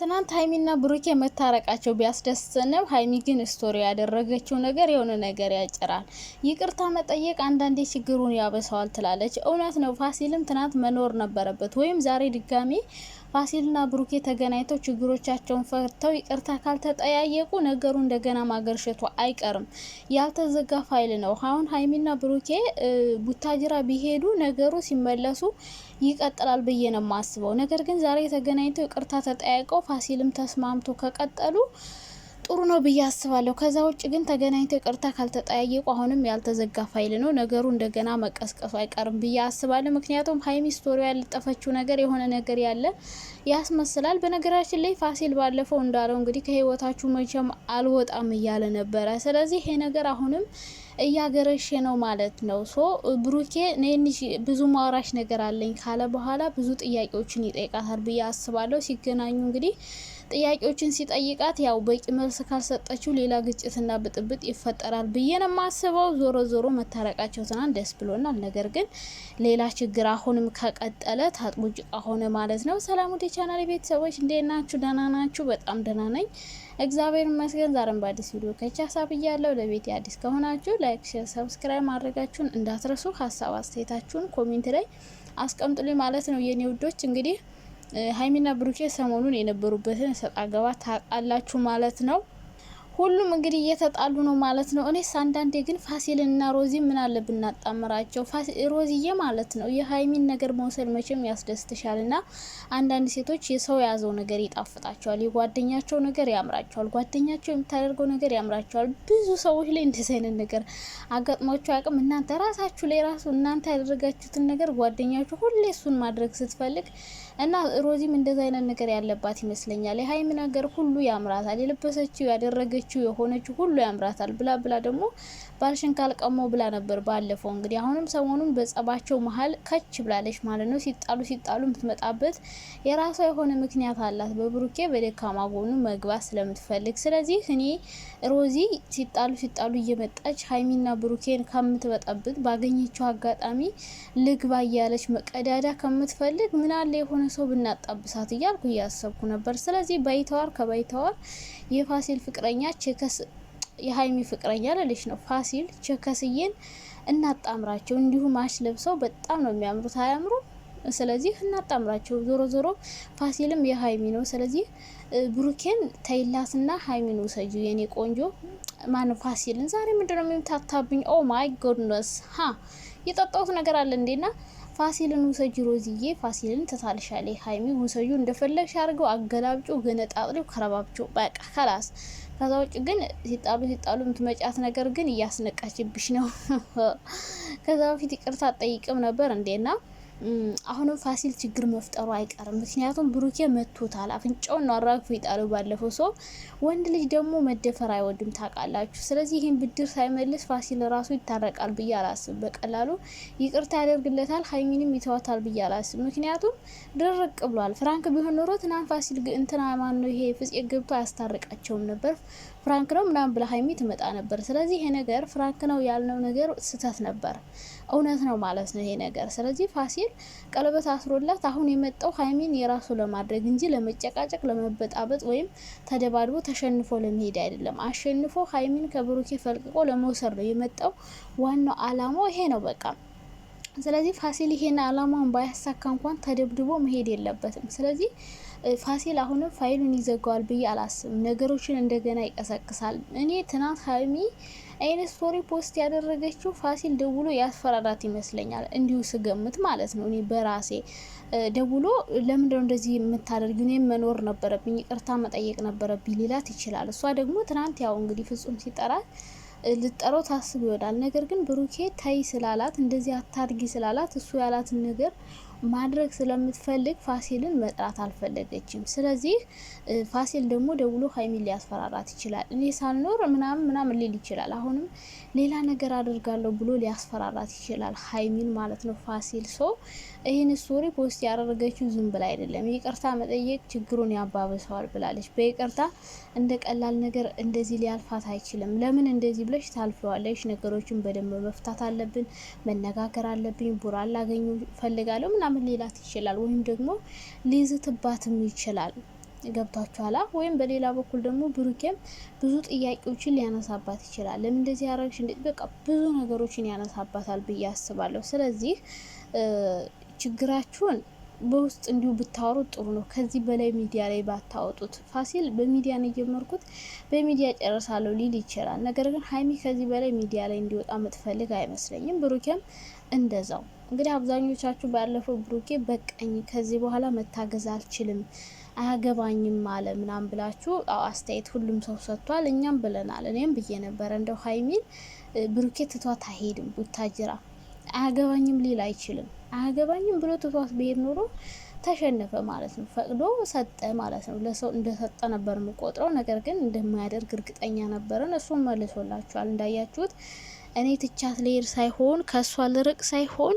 ትናንት ሀይሚና ብሩኬ መታረቃቸው ቢያስደስትንም ሀይሚ ግን ስቶሪ ያደረገችው ነገር የሆነ ነገር ያጭራል። ይቅርታ መጠየቅ አንዳንዴ ችግሩን ያበሰዋል ትላለች። እውነት ነው። ፋሲልም ትናንት መኖር ነበረበት ወይም ዛሬ ድጋሚ ፋሲልና ብሩኬ ተገናኝተው ችግሮቻቸውን ፈተው ይቅርታ ካልተጠያየቁ ነገሩ እንደገና ማገርሸቱ አይቀርም። ያልተዘጋ ፋይል ነው። አሁን ሀይሚና ብሩኬ ቡታጅራ ቢሄዱ ነገሩ ሲመለሱ ይቀጥላል ብዬ ነው የማስበው። ነገር ግን ዛሬ ተገናኝተው ይቅርታ ተጠያይቀው ፋሲልም ተስማምቶ ከቀጠሉ ጥሩ ነው ብዬ አስባለሁ። ከዛ ውጭ ግን ተገናኝተው ይቅርታ ካልተጠያየቁ አሁንም ያልተዘጋ ፋይል ነው ነገሩ እንደገና መቀስቀሱ አይቀርም ብዬ አስባለሁ። ምክንያቱም ሀይሚ ስቶሪ ያልጠፈችው ነገር የሆነ ነገር ያለ ያስመስላል። በነገራችን ላይ ፋሲል ባለፈው እንዳለው እንግዲህ ከህይወታችሁ መቼም አልወጣም እያለ ነበረ። ስለዚህ ይሄ ነገር አሁንም እያገረሽ ነው ማለት ነው። ሶ ብሩኬ ነንሽ ብዙ ማውራሽ ነገር አለኝ ካለ በኋላ ብዙ ጥያቄዎችን ይጠይቃታል ብዬ አስባለሁ ሲገናኙ እንግዲህ ጥያቄዎችን ሲጠይቃት ያው በቂ መልስ ካልሰጠችው ሌላ ግጭትና ብጥብጥ ይፈጠራል ብዬ ነው የማስበው። ዞሮ ዞሮ መታረቃቸው ትናንት ደስ ብሎናል። ነገር ግን ሌላ ችግር አሁንም ከቀጠለ ታጥቦ ጭቃ ሆነ ማለት ነው። ሰላም ወደ ቻናል ቤተሰቦች እንዴት ናችሁ? ደህና ናችሁ? በጣም ደህና ነኝ እግዚአብሔር ይመስገን። ዛሬም በአዲስ ቪዲዮ ከቻ ሀሳብ እያለው ለቤት አዲስ ከሆናችሁ ላይክ፣ ሼር፣ ሰብስክራይብ ማድረጋችሁን እንዳትረሱ። ሀሳብ አስተያየታችሁን ኮሜንት ላይ አስቀምጡልኝ ማለት ነው የኔ ውዶች እንግዲህ ሀይሚና ብሩኬ ሰሞኑን የነበሩበትን ሰጣ ገባ ታውቃላችሁ ማለት ነው። ሁሉም እንግዲህ እየተጣሉ ነው ማለት ነው። እኔስ አንዳንዴ ግን ፋሲልና ሮዚ ምን አለ ብናጣምራቸው፣ ሮዚዬ ማለት ነው የሀይሚን ነገር መውሰድ መቼም ያስደስትሻል። እና አንዳንድ ሴቶች የሰው የያዘው ነገር ይጣፍጣቸዋል፣ የጓደኛቸው ነገር ያምራቸዋል፣ ጓደኛቸው የምታደርገው ነገር ያምራቸዋል። ብዙ ሰዎች ላይ እንደዚህ አይነት ነገር አጋጥሟቸው አያውቅም። እናንተ ራሳችሁ ላይ ራሱ እናንተ ያደረጋችሁትን ነገር ጓደኛችሁ ሁሌ እሱን ማድረግ ስትፈልግ እና ሮዚም እንደዚህ አይነት ነገር ያለባት ይመስለኛል። የሀይሚ ነገር ሁሉ ያምራታል፣ የለበሰችው ያደረገች ያደረገችው የሆነች ሁሉ ያምራታል ብላ ብላ ደግሞ ባልሽን ካልቀሞ ብላ ነበር ባለፈው። እንግዲህ አሁንም ሰሞኑን በጸባቸው መሀል ከች ብላለች ማለት ነው። ሲጣሉ ሲጣሉ የምትመጣበት የራሷ የሆነ ምክንያት አላት። በብሩኬ በደካማ ጎኑ መግባት ስለምትፈልግ ስለዚህ እኔ ሮዚ ሲጣሉ ሲጣሉ እየመጣች ሀይሚና ብሩኬን ከምትበጠብጥ ባገኘችው አጋጣሚ ልግባ እያለች መቀዳዳ ከምትፈልግ ምናለ የሆነ ሰው ብናጣብሳት እያልኩ እያሰብኩ ነበር። ስለዚህ ባይተዋር ከባይተዋር የፋሲል ፍቅረኛ ቸከስ የሀይሚ ፍቅረኛ ለልሽ ነው ፋሲል ቸከስዬን እናጣምራቸው። እንዲሁም አሽ ለብሰው በጣም ነው የሚያምሩት። አያምሩ? ስለዚህ እናጣምራቸው። ዞሮ ዞሮ ፋሲልም የሀይሚ ነው። ስለዚህ ብሩኬን ተይላስና ሀይሚን ውሰጁ የኔ ቆንጆ። ማን ፋሲልን ዛሬ ምንድነው የሚምታታብኝ? ኦ ማይ ጎድነስ ሀ የጠጣሁት ነገር አለ እንዴና ፋሲልን ውሰጅ ሮዝዬ፣ ፋሲልን ትታልሻለች። ሀይሚ ውሰጁ፣ እንደፈለግሽ አድርገው፣ አገላብጮ፣ ገነጣጥሪው፣ ከረባብጩ በቃ ከላስ ከዛ ውጭ ግን ሲጣሉ ሲጣሉ የምትመጫት ነገር ግን እያስነቃችብሽ ነው። ከዛ በፊት ይቅርታ ጠይቅም ነበር እንዴና አሁንም ፋሲል ችግር መፍጠሩ አይቀርም። ምክንያቱም ብሩኬ መቶታል፣ አፍንጫውን ነው አራግፎ የጣለው ባለፈው ሰው። ወንድ ልጅ ደግሞ መደፈር አይወድም ታውቃላችሁ። ስለዚህ ይህን ብድር ሳይመልስ ፋሲል ራሱ ይታረቃል ብዬ አላስብ። በቀላሉ ይቅርታ ያደርግለታል፣ ሀይሚንም ይተዋታል ብዬ አላስብ። ምክንያቱም ድርቅ ብሏል። ፍራንክ ቢሆን ኖሮ ትናንት ፋሲል እንትና ማን ነው ይሄ ፍጽ ገብቶ አያስታርቃቸውም ነበር። ፍራንክ ነው ምናምን ብለ ሀይሚ ትመጣ ነበር። ስለዚህ ይሄ ነገር ፍራንክ ነው ያልነው ነገር ስህተት ነበር። እውነት ነው ማለት ነው ይሄ ነገር። ስለዚህ ፋሲል ቀለበት አስሮላት አሁን የመጣው ሀይሚን የራሱ ለማድረግ እንጂ ለመጨቃጨቅ፣ ለመበጣበጥ ወይም ተደባድቦ ተሸንፎ ለመሄድ አይደለም። አሸንፎ ሀይሚን ከብሩኬ ፈልቅቆ ለመውሰድ ነው የመጣው። ዋናው አላማው ይሄ ነው በቃ። ስለዚህ ፋሲል ይሄን አላማውን ባያሳካ እንኳን ተደብድቦ መሄድ የለበትም። ስለዚህ ፋሲል አሁንም ፋይሉን ይዘጋዋል ብዬ አላስብም። ነገሮችን እንደገና ይቀሰቅሳል። እኔ ትናንት ሀይሚ አይነት ስቶሪ ፖስት ያደረገችው ፋሲል ደውሎ ያስፈራራት ይመስለኛል። እንዲሁ ስገምት ማለት ነው። እኔ በራሴ ደውሎ ለምንድነው እንደዚህ የምታደርጊው? እኔም መኖር ነበረብኝ፣ ይቅርታ መጠየቅ ነበረብኝ ሊላት ይችላል። እሷ ደግሞ ትናንት ያው እንግዲህ ፍጹም ሲጠራት ልጠረው ታስብ ይሆናል። ነገር ግን ብሩኬ ታይ ስላላት እንደዚህ አታድጊ ስላላት እሱ ያላትን ነገር ማድረግ ስለምትፈልግ ፋሲልን መጥራት አልፈለገችም። ስለዚህ ፋሲል ደግሞ ደውሎ ሀይሚን ሊያስፈራራት ይችላል። እኔ ሳልኖር ምናምን ምናምን ሊል ይችላል። አሁንም ሌላ ነገር አድርጋለሁ ብሎ ሊያስፈራራት ይችላል፣ ሀይሚን ማለት ነው። ፋሲል ሰው ይህን ስቶሪ ፖስት ያደረገችው ዝም ብላ አይደለም። ይቅርታ መጠየቅ ችግሩን ያባብሰዋል ብላለች። በይቅርታ እንደ ቀላል ነገር እንደዚህ ሊያልፋት አይችልም። ለምን እንደዚህ ብለሽ ታልፈዋለሽ? ነገሮችን በደንብ መፍታት አለብን፣ መነጋገር አለብኝ፣ ቡራ ላገኙ ፈልጋለሁ ምናምን ሌላት ይችላል፣ ወይም ደግሞ ሊዝትባትም ይችላል። ገብቷችኋላ? ወይም በሌላ በኩል ደግሞ ብሩኬም ብዙ ጥያቄዎችን ሊያነሳባት ይችላል። ለምን እንደዚህ ያረግሽ እንዴት፣ በቃ ብዙ ነገሮችን ያነሳባታል ብዬ አስባለሁ። ስለዚህ ችግራችሁን በውስጥ እንዲሁ ብታወሩት ጥሩ ነው። ከዚህ በላይ ሚዲያ ላይ ባታወጡት። ፋሲል በሚዲያ ነው የጀመርኩት በሚዲያ ጨርሳለሁ ሊል ይችላል። ነገር ግን ሀይሚ ከዚህ በላይ ሚዲያ ላይ እንዲወጣ ምትፈልግ አይመስለኝም። ብሩኬም እንደዛው እንግዲህ አብዛኞቻችሁ ባለፈው ብሩኬ በቀኝ ከዚህ በኋላ መታገዝ አልችልም አያገባኝም አለ ምናምን ብላችሁ አስተያየት ሁሉም ሰው ሰጥቷል። እኛም ብለናል። እኔም ብዬ ነበረ እንደው ሀይሚን ብሩኬ ትቷት አይሄድም። ቡታጅራ አያገባኝም ሊል አይችልም። አያገባኝም ብሎ ትቷት ብሄድ ኖሮ ተሸነፈ ማለት ነው። ፈቅዶ ሰጠ ማለት ነው። ለሰው እንደሰጠ ነበር የምቆጥረው። ነገር ግን እንደማያደርግ እርግጠኛ ነበረን። እሱም መልሶላችኋል እንዳያችሁት እኔ ትቻት ልሄድ ሳይሆን ከእሷ ልርቅ ሳይሆን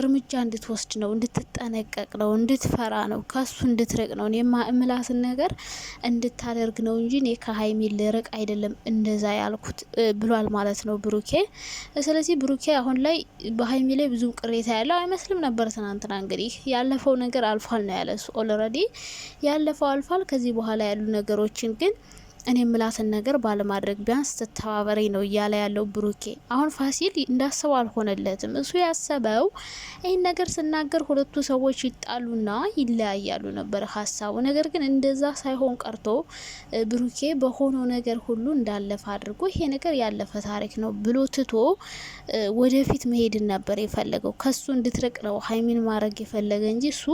እርምጃ እንድትወስድ ነው፣ እንድትጠነቀቅ ነው፣ እንድትፈራ ነው፣ ከሱ እንድትርቅ ነው፣ እምላትን ነገር እንድታደርግ ነው እንጂ እኔ ከሀይሚ ልርቅ አይደለም እንደዛ ያልኩት ብሏል ማለት ነው ብሩኬ። ስለዚህ ብሩኬ አሁን ላይ በሀይሚ ላይ ብዙም ቅሬታ ያለው አይመስልም ነበር ትናንትና። እንግዲህ ያለፈው ነገር አልፏል ነው ያለ እሱ። ኦልሬዲ ያለፈው አልፏል። ከዚህ በኋላ ያሉ ነገሮችን ግን እኔ ምላትን ነገር ባለማድረግ ቢያንስ ስትተባበረኝ ነው እያለ ያለው ብሩኬ። አሁን ፋሲል እንዳሰበው አልሆነለትም። እሱ ያሰበው ይህን ነገር ስናገር ሁለቱ ሰዎች ይጣሉና ይለያያሉ ነበር ሀሳቡ። ነገር ግን እንደዛ ሳይሆን ቀርቶ ብሩኬ በሆነው ነገር ሁሉ እንዳለፈ አድርጎ ይሄ ነገር ያለፈ ታሪክ ነው ብሎ ትቶ ወደፊት መሄድን ነበር የፈለገው። ከሱ እንድትርቅ ነው ሀይሚን ማድረግ የፈለገ እንጂ እሱ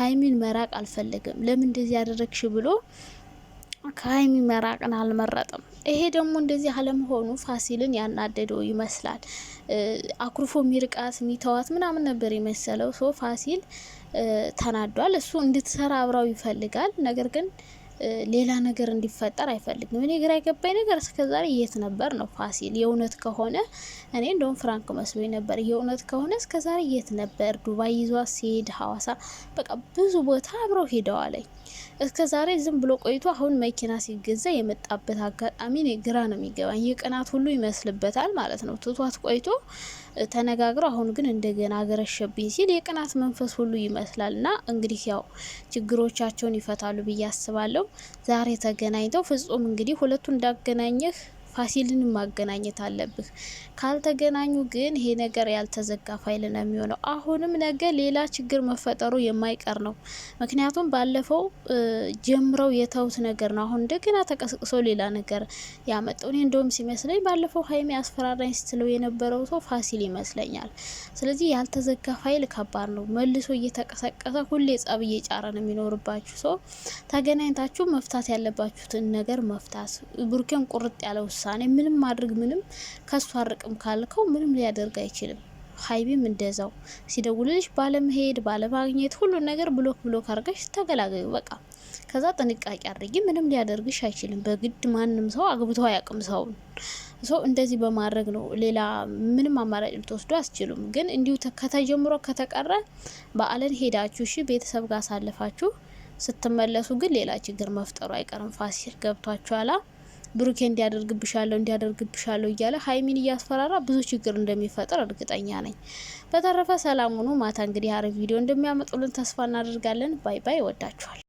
ሀይሚን መራቅ አልፈለገም። ለምን እንደዚህ ያደረግሽ ብሎ ከሀይሚ መራቅን አልመረጥም። ይሄ ደግሞ እንደዚህ አለመሆኑ ፋሲልን ያናደደው ይመስላል። አኩርፎ ሚርቃት ሚተዋት ምናምን ነበር የመሰለው ሰው ፋሲል ተናዷል። እሱ እንድትሰራ አብራው ይፈልጋል፣ ነገር ግን ሌላ ነገር እንዲፈጠር አይፈልግም። እኔ ግራ የገባኝ ነገር እስከዛሬ የት ነበር ነው ፋሲል። የእውነት ከሆነ እኔ እንደውም ፍራንክ መስሎኝ ነበር። የእውነት ከሆነ እስከዛሬ የት ነበር? ዱባይ ይዟ ሲሄድ ሀዋሳ፣ በቃ ብዙ ቦታ አብረው ሄደዋለኝ እስከ ዛሬ ዝም ብሎ ቆይቶ አሁን መኪና ሲገዛ የመጣበት አጋጣሚ ግራ ነው የሚገባኝ። የቅናት ሁሉ ይመስልበታል ማለት ነው። ትቷት ቆይቶ ተነጋግረው አሁን ግን እንደገና አገረሸብኝ ሲል የቅናት መንፈስ ሁሉ ይመስላል። እና እንግዲህ ያው ችግሮቻቸውን ይፈታሉ ብዬ አስባለሁ። ዛሬ ተገናኝተው ፍጹም እንግዲህ ሁለቱ እንዳገናኘህ ፋሲልን ማገናኘት አለብህ። ካልተገናኙ ግን ይሄ ነገር ያልተዘጋ ፋይል ነው የሚሆነው። አሁንም ነገ ሌላ ችግር መፈጠሩ የማይቀር ነው። ምክንያቱም ባለፈው ጀምረው የተውት ነገር ነው። አሁን እንደገና ተቀስቅሶ ሌላ ነገር ያመጣው። እኔ እንደውም ሲመስለኝ ባለፈው ሀይሚ አስፈራራኝ ስትለው የነበረው ሰው ፋሲል ይመስለኛል። ስለዚህ ያልተዘጋ ፋይል ከባድ ነው። መልሶ እየተቀሰቀሰ ሁሌ ጸብ እየጫረ ነው የሚኖርባችሁ ሰው ተገናኝታችሁ መፍታት ያለባችሁትን ነገር መፍታት ብሩኬን ቁርጥ ያለ ውሳኔ እኔ ምንም ማድረግ ምንም ከሱ አርቅም ካልከው ምንም ሊያደርግ አይችልም። ሀይቢም እንደዛው ሲደውልልሽ ባለመሄድ ባለማግኘት ሁሉን ነገር ብሎክ ብሎክ አርገሽ ተገላገዩ በቃ። ከዛ ጥንቃቄ አድርጊ። ምንም ሊያደርግሽ አይችልም። በግድ ማንም ሰው አግብቶ አያውቅም ሰውን ሰው እንደዚህ በማድረግ ነው። ሌላ ምንም አማራጭ ልትወስዱ አስችሉም። ግን እንዲሁ ከተጀምሮ ከተቀረ በዓልን ሄዳችሁ እሺ ቤተሰብ ጋር አሳልፋችሁ ስትመለሱ ግን ሌላ ችግር መፍጠሩ አይቀርም። ፋሲል ገብቷችኋላ? ብሩኬ እንዲያደርግብሻለሁ እንዲያደርግብሻለሁ እያለ ሀይሚን እያስፈራራ ብዙ ችግር እንደሚፈጠር እርግጠኛ ነኝ። በተረፈ ሰላም ሁኑ። ማታ እንግዲህ አሪፍ ቪዲዮ እንደሚያመጡልን ተስፋ እናደርጋለን። ባይ ባይ። ወዳችኋል።